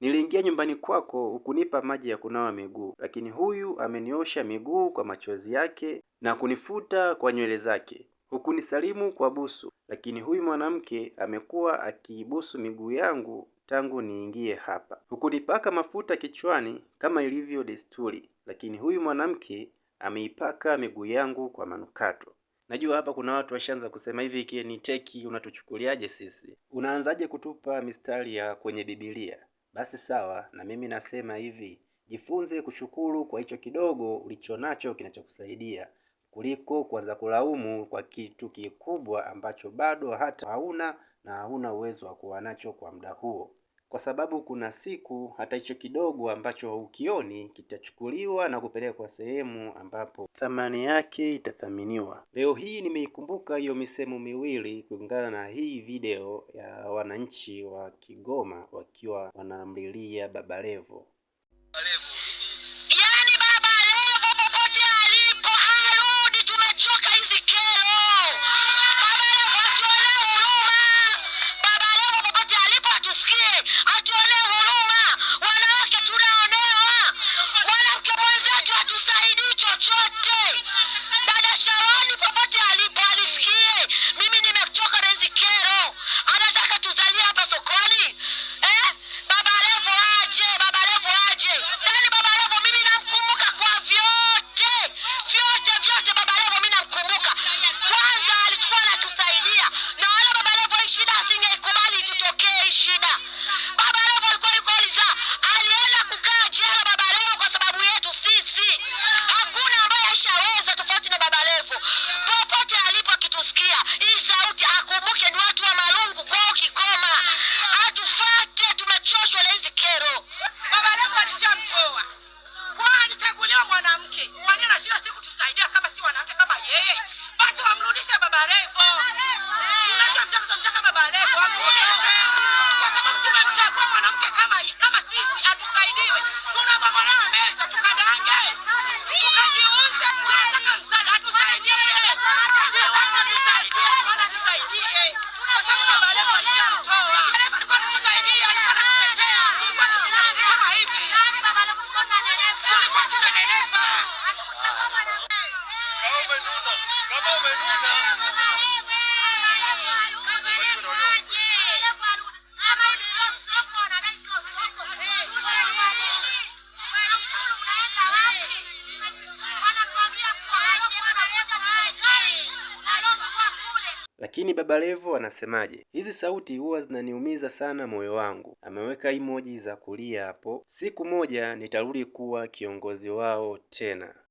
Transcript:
Niliingia nyumbani kwako ukunipa maji ya kunawa miguu, lakini huyu ameniosha miguu kwa machozi yake na kunifuta kwa nywele zake. Hukunisalimu kwa busu, lakini huyu mwanamke amekuwa akiibusu miguu yangu tangu niingie hapa. Hukunipaka mafuta kichwani kama ilivyo desturi, lakini huyu mwanamke ameipaka miguu yangu kwa manukato. Najua hapa kuna watu washaanza kusema hivi, ikie ni teki, unatuchukuliaje sisi? Unaanzaje kutupa mistari ya kwenye Biblia? Basi sawa, na mimi nasema hivi, jifunze kushukuru kwa hicho kidogo ulicho nacho kinachokusaidia kuliko kuanza kulaumu kwa kitu kikubwa ambacho bado hata hauna na hauna uwezo wa kuwa nacho kwa muda huo kwa sababu kuna siku hata hicho kidogo ambacho haukioni kitachukuliwa na kupelekwa sehemu ambapo thamani yake itathaminiwa. Leo hii nimeikumbuka hiyo misemo miwili kulingana na hii video ya wananchi wa Kigoma wakiwa wanamlilia Baba Levo. Mungu popote alipo, akitusikia hii sauti akumbuke ni watu wa Malungu, kwao kikoma, atufate. Tumechoshwa na hizi kero. Baba leo alishamtoa kwa, alichaguliwa mwanamke, kwani anashinda siku tusaidia kama si wanawake kama yeye? Basi wamrudishe Baba Levo, tunachomtaka Baba Levo wamrudishe, kwa sababu tumemchagua mwanamke kama kama sisi, atusaidiwe. Tunabomolewa meza tukadange Lakini Baba Levo anasemaje? Hizi sauti huwa zinaniumiza sana moyo wangu. Ameweka emoji za kulia hapo. Siku moja nitarudi kuwa kiongozi wao tena.